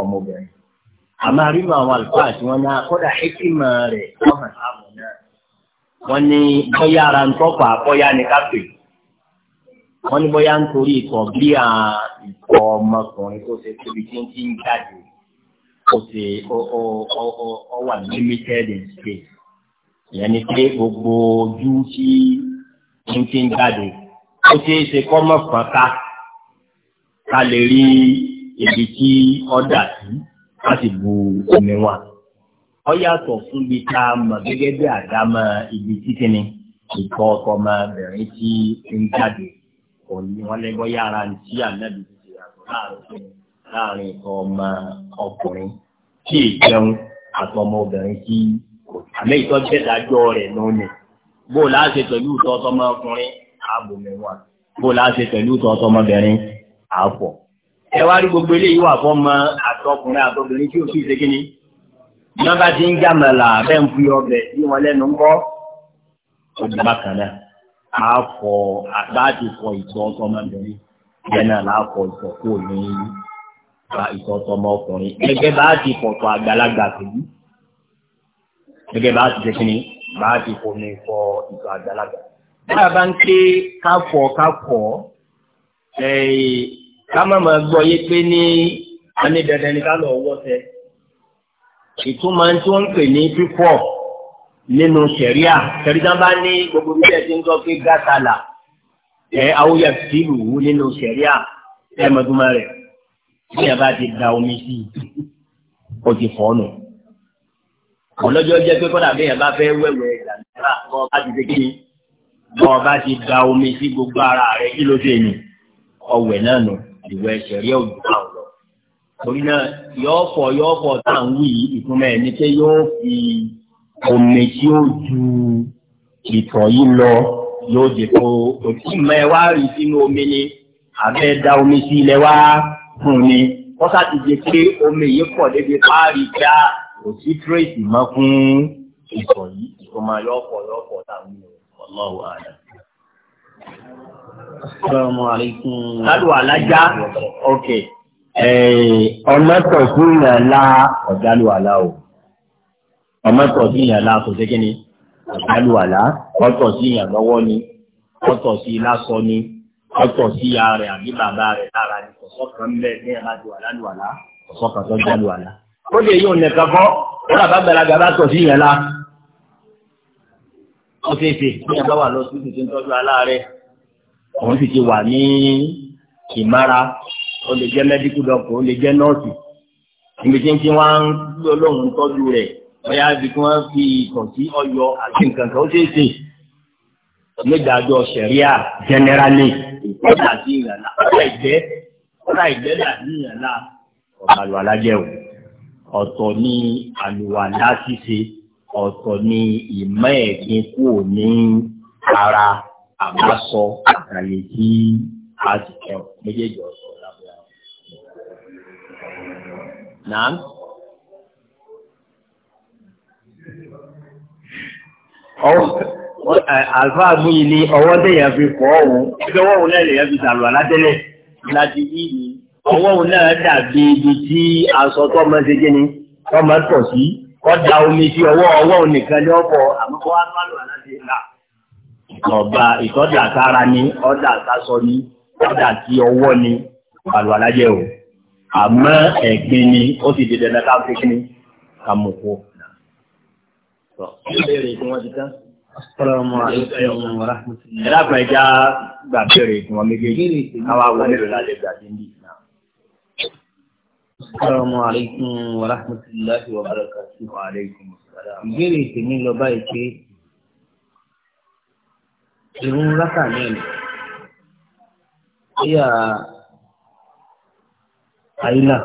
ọmọbìnrin àmọ́ rírọ àwọn àlùfáà tí wọ́n náà kọ́dà hekima rẹ̀ wọ́n hàn sáàmù náà wọ́n ní bóyá ara ń tọ́pà bóyá ní káfí wọ́n ní bóyá ń torí ikọ̀ bí i ikọ̀ ọmọkùnrin tó ṣe tóbi tí ń ti ń jáde ó ṣe ó wà limited in space ìyẹn ni pé gbogbo ojú tí ń ti ń jáde ó ṣe é ṣe kọ́ mọ̀ fọ́nká ká lè rí i ibi tí ọ̀dà sí a sì bu omi wa. Ó yàtọ̀ fún ibi tá a mọ̀ gẹ́gẹ́ bí àdámọ̀ ibi títí ìtọ́ ọmọbìnrin tí ń jáde kò ní wọ́n lẹ́gbọ́ yára ní tí ànábì ti ṣe yàtọ̀ láàrin láàrin ìtọ́ ọmọ ọkùnrin tí ìjẹun àtọmọbìnrin tí kò tí. Àmì ìtọ́ jẹ́dájọ́ rẹ̀ lónìí. Bó o pẹ̀lú ìtọ́ ọmọkùnrin ààbò Bó o pẹ̀lú ìtọ́ ọmọbìnrin ààbò ẹ wá rí gbogbo eléyìí wà fọ́ mọ àtọkùnrin àtọkùnrin tí o sì ṣe kíni wọn bá ti ń jàmàlà bẹ́ẹ̀ ń fi ọbẹ̀ bí wọn lẹ́nu ń kọ́ ọdún bákan náà á fọ láti fọ ìtọ́ ọmọbìnrin bẹ́ẹ̀ náà láà fọ ìtọ́ kò ní ìtọ́ ọmọkùnrin gẹ́gẹ́ bá ti fọ̀tọ̀ àgbàlagbà pẹ̀lú gẹ́gẹ́ bá ti ṣe kíni bá ti fọ ní fọ ìtọ́ àgbàlagbà. báyà bá ń ké káfọ̀ káfọ̀ ẹ̀ẹ́. Kama má máa gbọ́ yé pé ní a ní dandan ni ká lọ wọ́ sẹ́ ìtumọ̀ tí wọ́n ń pè ní pípọ̀ nínú sẹ̀ríà sẹ̀ríà bá ní gbogbo bí ẹ ti ń gbọ́ pé gàtàlà ẹ awúyẹ sílù wú nínú sẹ̀ríà ẹ mọ̀túnmọ̀ rẹ̀ bí ẹ bá ti da omi sí i ó ti fọ́ nù ọlọ́jọ́ jẹ́ pé kọ́dà bí ẹ bá fẹ́ wẹ̀wẹ̀ ìlànà kọ́ bá ti ṣe ni bọ́ọ̀ bá ti da omi sí gbogbo ara rẹ̀ kí ló dé ni ọ̀wẹ̀ náà nù ìwẹ̀ ṣẹ̀rí ọ̀gbà ọ̀lọ́. torí náà yọ fọ yọ fọ tá à ń wí ìfúnmẹ́ ẹni pé yóò fi omi tí ó ju ìtọ̀ yìí lọ yóò jẹ kó òtí mọ wá rí sínú omi ni àbẹ́ da omi sí ilẹ̀ wá fún ni kọ́sà ti jẹ pé omi yìí pọ̀ débi páàrí já òtí tírèsì mọ́ fún ìtọ̀ yìí ìfúnmọ́ yọ fọ yọ fọ tá à ń wí ọlọ́run àná. Lálù àlájá. Ok. Ọmọtọ̀ fún ìyànlá ọ̀dálù àlá o. Ọmọtọ̀ sí ìyànlá kò sí kí ni? Ọ̀dálù àlá. Ọtọ̀ sí ìyàn lọ́wọ́ ni. Ọtọ̀ sí lásọ ni. Ọtọ̀ sí ìyá rẹ̀ àbí bàbá rẹ̀ lára ni. Kọ̀sọ́ kan bẹ́ẹ̀ ní ẹ̀rọ àlálù àlá. Kọ̀sọ́ kan tó dálù àlá. Ó lè yóò nẹ̀ka kọ́. Ó rà bá gbàlagbà bá tọ̀ sí ìyànlá. Ó ṣeé ṣe kí ẹ bá wà lọ sí ìtúntọ́jú aláàárẹ̀ òun sì ti wà ní ìmára ó lè jẹ́ mẹ́díkù dọ́kítọ̀ ó lè jẹ́ nọ́ọ̀sì níbi tí ń fi wá ń gbé olóhùn tọ́jú rẹ̀ bóyá ibi tí wọ́n fi ìtàn sí ọyọ àti nǹkan kan ó ṣeé ṣe onídàájọ́ sẹ̀ríà jẹnẹrálì ìkọ́jà sí ìyànlá ọ̀rọ̀ ìgbẹ́ ọ̀rọ̀ ìgbẹ́ là ní ìyànlá ọ̀rọ̀ àlùwàlá jẹ́ o ọ̀tọ̀ ni àlùwàlá ṣíṣe ọ̀tọ̀ ni ìmọ̀ ẹ̀gbin kúrò ní ara àmọ́ sọ àtàyè tí a ti kẹ́ ọ méjèèjì ọ̀sọ̀ lábẹ́ àwọn. Nàá. Ọwọ́ àlùfáà mú yìí ní ọwọ́ déyàn fi kọ́ ọ̀hún. Ẹgbẹ́ ọwọ́ òun náà lèyàn fi dàlù alátẹ́lẹ̀ láti yí ni. Ọwọ́ òun náà dàbí ibi tí aṣọ tọ́mọ ṣe jẹ́ ni tọ́mọ tọ̀ sí. Kọ́ da omi sí ọwọ́ ọwọ́ òun nìkan ní ọ̀pọ̀ àmọ́ wọ́n á lọ́ọ̀lù aláṣẹ náà ọba ìtọ́jà sára ni ọ̀dà sásọ ni ọ̀dà tí ọwọ́ ni àlùwàlá jẹ́ o àmọ́ ẹ̀gbin ni ó sì di dandan ká fún mi ká mú gbà bẹ̀rẹ̀ ìgbìmọ̀ méjèèjì káwá wọlé rẹ̀ lálẹ́ gbà sí ní ìgbà. Assalamu alaikum wa rahmatullahi wa barakatuh. Wa alaikum assalam. Ìbéèrè irun rákà náà ni bóyá àyílà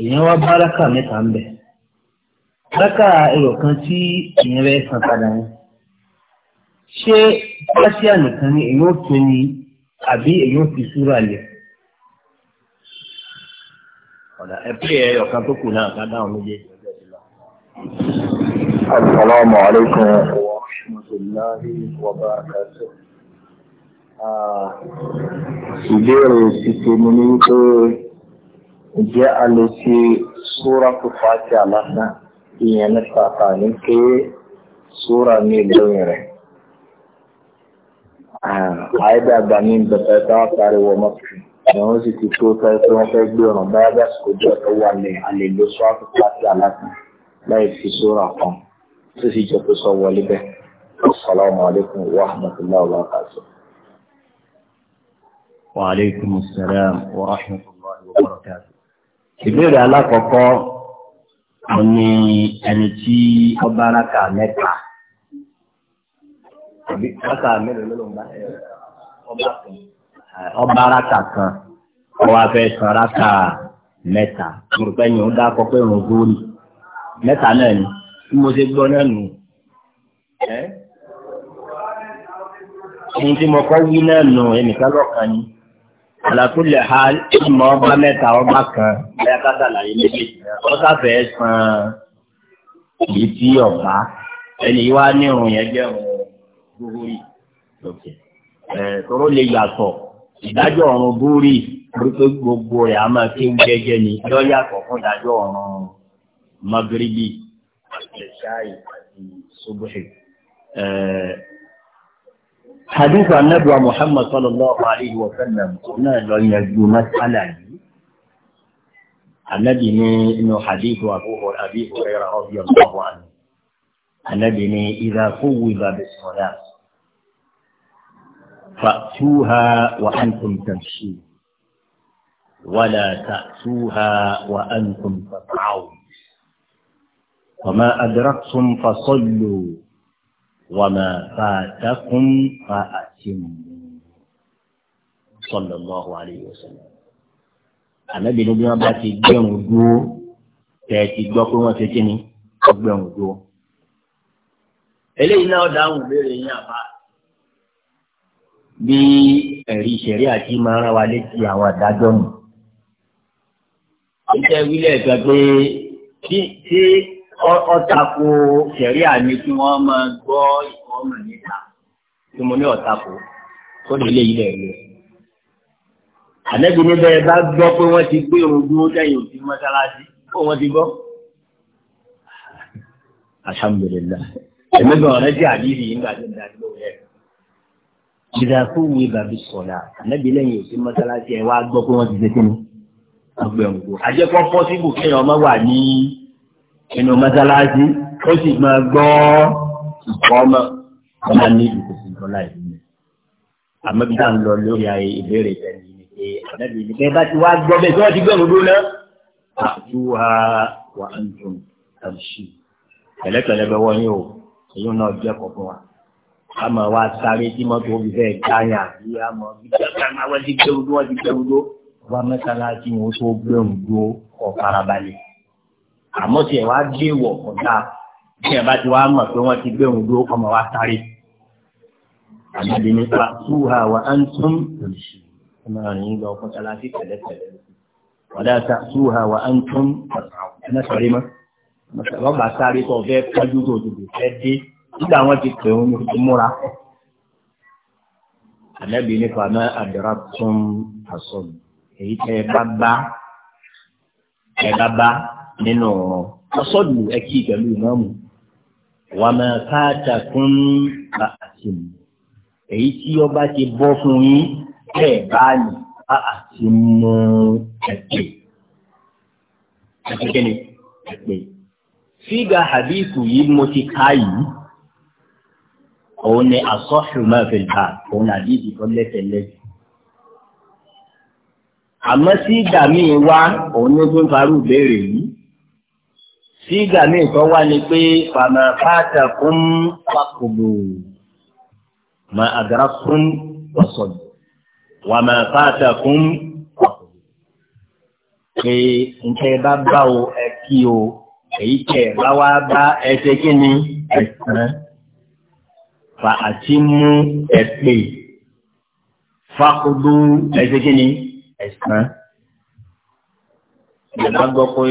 èèyàn wá bá rákà mẹ́ta ń bẹ rákà ẹyọ kan tí èèyàn rẹ̀ san padà yẹn ṣé pátíà nìkan ni èèyàn ò tó ni àbí èèyàn ò fi súrà lẹ̀ ọ̀dà ẹ pé ẹyọ kan tó kù náà ká dáhùn méjèèjì. Assalamu alaikum rahmatullahi wa barakatuh. Ah, ìbéèrè títí mi ní pé ǹjẹ́ a lè ṣe súra tó fàájì àlásán ìyẹn nípa àtàní pé súra ní ìlóyìn rẹ̀. Ah, Àìdàgbà ní bẹ̀rẹ̀ táwọn pariwo mọ́kì ẹ̀wọ̀n sì ti tó tẹ́ pé wọ́n fẹ́ gbé ọ̀nà báyá lásìkò jọ tó wà ní àlè lóṣù àkókò àti àlásán láì fi súra kan tó sì jọ pé sọ wọlé bẹ́ẹ̀. والسلام عليكم ورحمة الله وبركاته وعليكم السلام ورحمة الله وبركاته ìbéèrè alákọ̀ọ́kọ́ ni ẹni tí ó bá rákà mẹ́ta rákà mélòó ló ń bá ọba rákà kan ọwọ́ afẹ́ san rákà mẹ́ta mo rò pé ẹni ó dákọ pé òun gbóòlì mẹ́ta náà ni bí mo ṣe gbọ́ náà nù ẹ́ ohun tí mo kọ́ wí náà nù ẹnìkan lọ́kàn ni àlàkùlẹ̀ ha ìmọ̀ ọba mẹ́ta ọba kan bẹ́ẹ̀ ká sàlàyé méjèèjì náà wọ́n sáfẹ́ san èyí tí ọ̀bá ẹni wá ní irun yẹn jẹ́ òun gbogbo yìí tọ́rọ lè yàtọ̀ ìdájọ́ ọ̀run búrì wípé gbogbo rẹ̀ a máa kéwú jẹ́jẹ́ ni yọ yàtọ̀ fún ìdájọ́ ọ̀run magribi àti ṣáì àti ṣubúṣe. حديث عن نبوة محمد صلى الله عليه وسلم قلنا لو يجدوا مسألة النبي إنه حديث أبوه أبي هريرة رضي الله عنه النبي إذا فوض بالصلاة فأتوها وأنتم تمشون ولا تأتوها وأنتم تطعون وما أدركتم فصلوا وما فاتكم فأتموا صلى الله عليه وسلم Ànábì ní bí wọ́n bá ti gbẹ̀rún dúró tẹ̀ ti gbọ́ pé wọ́n ṣe kíni wọ́n gbẹ̀rún dúró. Eléyìí náà dáhùn béèrè yín àbá bí ẹ̀rí ìṣẹ̀rí àti máa rán wa létí àwọn àdájọ́ nù. Ìṣẹ́ wílẹ̀ gbà pé tí ọ̀tàkù ṣẹ̀ríà ni kí wọ́n máa gbọ́ ìfọ́nà níta tí mo ní ọ̀tàkù tó lè lé ilẹ̀ rẹ̀. Ànẹ́bí níbẹ̀ bá gbọ́ pé wọ́n ti gbé irun dúró lẹ́yìn òsì mọ́sálásí kó wọ́n ti gbọ́. Alhamdulillah. Èmi gan ọ̀rẹ́ tí àdìrí yìí ń gbà tó ń darí lórí ẹ̀. Ìdàkú wo bàbí sọ̀dà ànẹ́bí lẹ́yìn òsì mọ́sálásí ẹ̀ wá gbọ́ pé wọ́n ti ṣe kí ni? Ọgbẹ̀rún kò. Àjẹpọ̀ pọ́sibù kéèyàn ọmọ wà ní inú mọ́sálásí ó sì máa gbọ́ ìkọ́ ọmọ ọmọ ní ìkòsí ìjọlá ìlú àmọ́ bí táà ń lọ lórí ayé ìbéèrè ìtẹ́ni ni pé ànábì ní bẹ́ẹ̀ bá ti wá gbọ́ bẹ́ẹ̀ tí wọ́n ti gbọ́ òdúró náà àtúwà wà ń dùn àbùsù pẹ̀lẹ́pẹ̀lẹ́ bẹ wọ́n yóò èyí náà jẹ́ kọ̀ọ̀kan wa a máa wá sáré tí mọ́tò òbí fẹ́ káyà bí a mọ̀ bí wọ́n ti gbẹ́rù dó wọ́n ti gbẹ́rù dó wọ́n mẹ́ta láti wọ́n tó àmọ́ tí ẹ wá gbé wọ̀ kọjá tí ẹ bá ti wá mọ̀ pé wọ́n ti gbé òun dúró ọmọ wa sáré. àgbàdo ní pa túwà wà á ń tún òṣì ọmọ rẹ̀ ń lọ ọkọ̀ sáláṣí pẹ̀lẹ́pẹ̀lẹ́ wàdà ta túwà wà á ń tún ẹ̀ná sọ̀rí mọ́. lọ́gbà sáré tó fẹ́ kájú tó dìbò fẹ́ dé nígbà wọn ti pè òun ti múra. àlẹ́bí ní pa àdàrà tún àsọ̀rọ̀ èyí tẹ́ ẹ bá bá ẹ bá bá nínú ọsọdù ẹkí pẹ̀lú ìmáàmù wà máa káàtà fún àtìm èyí tí ọba ti bọ́ fún yín bẹ́ẹ̀ báyìí àtìmú ẹpè ẹpèkéni ẹpè fíga hadithu yìí mo ti ká yìí òun ni asọ́ṣù máa fi ta òun àdìsí tó àmọ́ sí ìgbà míì wá òun ní fún farú béèrè yìí sígà míì tó wá ni pé fàmà fàtà kún fàkùbù mà àgàrà kún wàsọ̀dù wàmà fàtà kún fàkùbù pé nkẹ́ bá bá o ẹ kí o èyí tẹ̀ bá wá bá ẹsẹ̀ kí ni ẹ̀sán fa àti mú ẹ̀pè fàkùbù ẹsẹ̀ kí ni ẹ̀sán ìjọba gbọ́ pé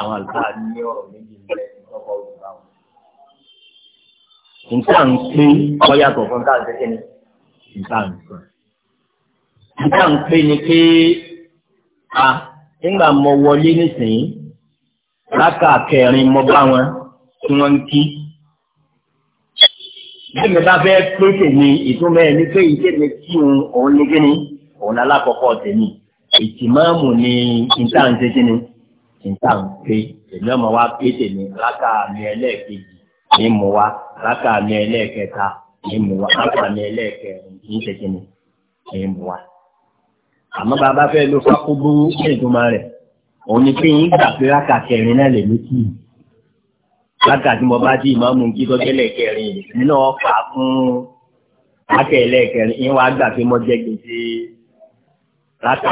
àwọn àlùfáà ní ọ̀rọ̀ méjì ńlẹ̀ lọ́kọ̀ òyìnbá wọn. nǹkan ń pè ọ̀yàtọ̀ fún nǹkan àti kíni nǹkan ń pè. nǹkan ń pè ni pé a nígbà mo wọlé nísìnyí láka kẹrin mo bá wọn tí wọ́n ń kí. bí mi bá fẹ́ pé tèmi ìtumọ̀ ẹ̀ ní pé ìkéde kí òun ní kíni òun lálákọ̀ọ́kọ́ tèmi ìtìmọ́ọ̀mù ni nǹkan ń ṣe kíni níta ń pé èmi ọmọ wa pé tèmi rákà mi ẹlẹ́ẹ̀kejì ní mu wa rákà mi ẹlẹ́ẹ̀kẹta ní mu wa rákà mi ẹlẹ́ẹ̀kẹrin ní tẹ̀kínì ní mu wa. àmọ́ bàbá fẹ́ ló fákó gbówó ní ìtumọ̀ rẹ̀ òun ni pé yín gbà pé rákà kẹrin náà lè létí yìí rákà tí mo bá dí ìmọ̀mù kí tọ́jẹ́lẹ̀ kẹrin nínú ọ̀pá fún rákà ẹlẹ́ẹ̀kẹrin yín wá gbà pé mo jẹ́ gbèsè rákà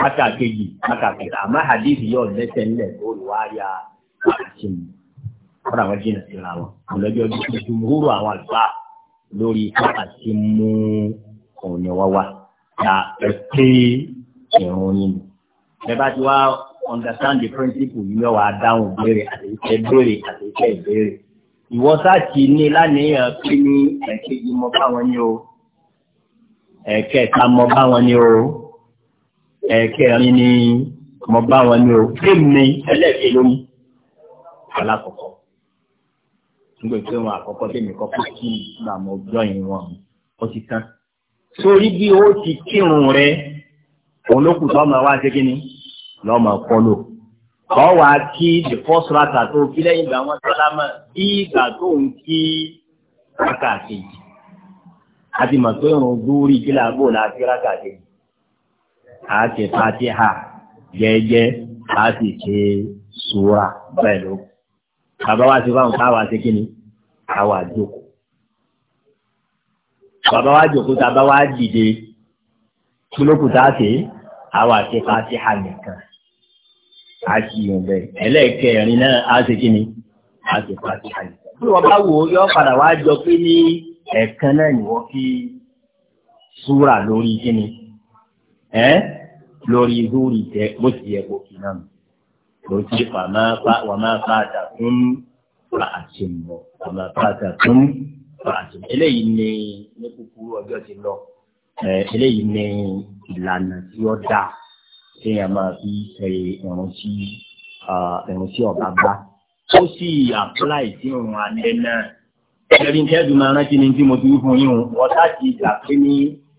rákà kejì rákà kẹta àmọ́ hadith yóò lẹ́sẹ̀ ńlẹ̀ tó olùwárí àti mi kọ́ra wọn jìnnà síra wọn ọlọ́jọ́ ìdúró àwọn àgbà lórí káàkiri mú òun ni wọ́n wá ta ẹ̀kẹ́ ìrún nínú. ẹ bá ti wá understand the principle yìí lọ́wọ́ adáhùn béèrè àti iṣẹ́ béèrè àti iṣẹ́ ìbéèrè. ìwọ sáàtì ní lánìyàn pé ní ẹ̀kejì mọ báwọn ní o ẹ̀kẹta mọ báwọn ní o ẹ̀kẹrin ni mo bá wọn ní o kéèmì ẹlẹ́ẹ̀kẹ́ lórí alákọ̀ọ́kọ́ nígbà tí wọn àkọ́kọ́ tẹ̀mí kọ́kọ́ kí màmá ọjọ́ yìí wọn ó ti tán sórí bí ó ti kírun rẹ òun ló kù tọ́mọ wá ṣe kínní lọ́mọ kọlò kọ́ wa kí the first rata tó kí lẹ́yìn ìgbà wọn sálámà bí ìgbà tó ń kí rákà kejì àti màtó ìrùn dúró ìdílé àgbò láti rákà a ha fatiha jẹ́jẹ́ a sì ṣe sura bẹ́ẹ̀ bàbá wa ti fáwọn káwa ṣe kí ni káwa jókòó. bàbá wa jókòó tàbá wa dìde kílókùtà ṣe àwa fatiha nìkan a ṣì yàn bẹ́ẹ̀ ẹlẹ́ẹ̀kẹrin náà a ṣe kí ni a ṣe fatiha nìkan. bí wọ́n bá yọ padà wá jọ pé ní náà ni wọ́n fi lórí kí ni. ẹ́ lórí lórí tẹ bó ti yẹ kó kìnnà nù ló ti fàmà wàmà fàdà fún fàṣìmọ̀ wàmà fàdà fún fàṣìmọ̀ eléyìí ni ní kúkúrú ọjọ́ ti lọ eléyìí ni ìlànà tí ó dá kéèyàn máa fi ṣe ìrántí ìrántí ọ̀gá gbá ó sì àpláì sí òun alẹ́ náà ẹ̀rí ń tẹ́jú máa rántí ni tí mo ti wí fún yín o wọ́n sá ti gbà pé ní.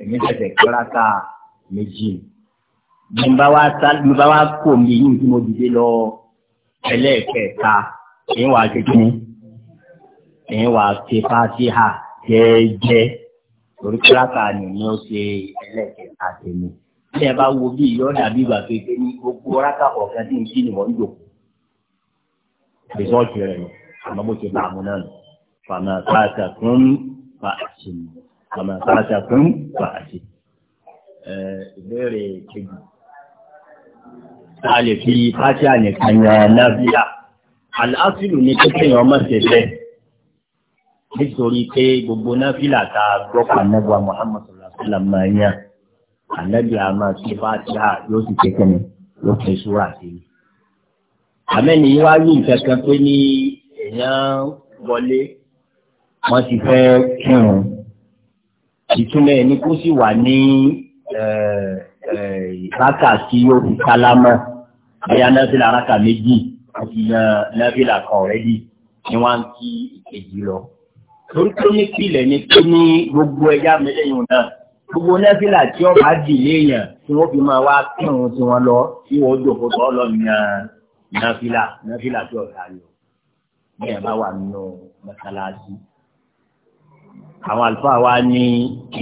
èmi tẹ̀sẹ̀ kíláka méjì bí n bá wá sá bí n bá wá kó mi yín tí mo dìde lọ ẹlẹ́ẹ̀kẹta èyí wà kékeré èyí wà ké fásí hà jẹ́ẹ́jẹ́ torí kíláka nìyẹn ó ṣe ẹlẹ́ẹ̀kẹta tèmi bí ẹ bá wo bí ìyọ́ dàbí ìgbà pépé ní gbogbo rákà ọ̀kan tí n kí ni wọ́n ń jòkó rìsọ́ọ̀tì rẹ̀ lọ àmọ́ bó ṣe bá àwọn náà lọ fàmà káàkà fàṣìmù àmọ́ sáàtà fún fàáṣì. ìbéèrè kejì tá fi fàáṣì ànìkan yan náfìlà àlàáfíìlù ni kékeré ọmọ ṣẹṣẹ nítorí pé gbogbo náfìlà tá a nẹ́gbà Muhammadu sallam máa yan ànábì àmà tí fàáṣì à yóò sì kékeré ni yóò fi ṣúra sí i. àmẹ́ni yìí wáá nǹkan pé ní èèyàn wọlé wọ́n ti fẹ́ kírun ìtumọ̀ ẹni kó sì wà ní rákà tí ó fi sálámà bóyá náfìlà rákà méjì àti náfìlà kan ọ̀rẹ́dì ni wọ́n ń kí ìkejì lọ. torí tó ní kílẹ̀ ni tó ní gbogbo ẹja mẹ́lẹ́yìn náà gbogbo náfìlà tí ó bá dì léèyàn tí wọ́n fi máa wá kírun tí wọ́n lọ tí wọ́n jòkó tó lọ yan náfìlà náfìlà tí ọ̀gá yọ bí ẹ bá wà nínú mọ́sálásí àwọn àlùfáà wa ní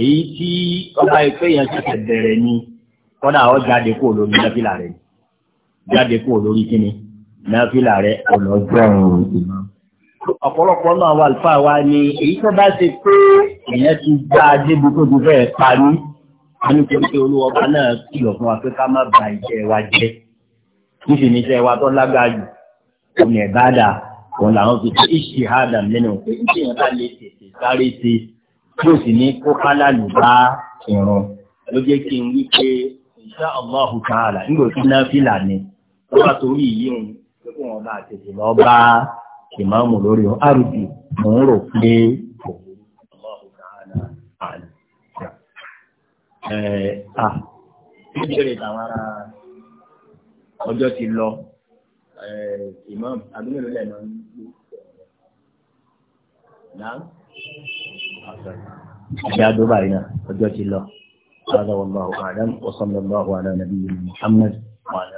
èyí tí ọba ìpè yẹn ṣẹ̀ṣẹ̀ bẹ̀rẹ̀ ni kọ́dà ọ jáde kó lórí náfìlà rẹ̀ jáde kó lórí kíni náfìlà rẹ̀ ọlọ́jọ́ ìmọ̀. ọ̀pọ̀lọpọ̀ náà àwọn àlùfáà wa ní èyí tó bá ṣe pé èyàn ti gbá débi tó ti fẹ́ parí wọn ní pé olúwọba náà kìlọ̀ fún wa pé ká má bà iṣẹ́ wa jẹ́ níṣẹ́ ní iṣẹ́ wa tó lágbára òun làwọn fi ṣe ìṣèhádà mẹ́nu pé ìṣèyàn bá lè tètè sáré ṣe tí ó sì ní kó kálàlù bá ìrun ló jẹ́ kí n wí pé insha Allahu ta'ala nígbà tí náà fìlà ni ó bá torí yìí òun pé bá tètè lọ bá ìmáàmù lórí ọ àrùbí ń rò pé Allahu ta'ala àlù. ẹ à ìbéèrè tàwọn ọjọ́ ti lọ ìmáàmù adúmọ̀lẹ́lẹ̀ máa ń gbé náà ẹ̀dá àdó báyìí náà ọjọ́ ti lọ. هذا والله أعلم وصلى الله على نبينا محمد وعلى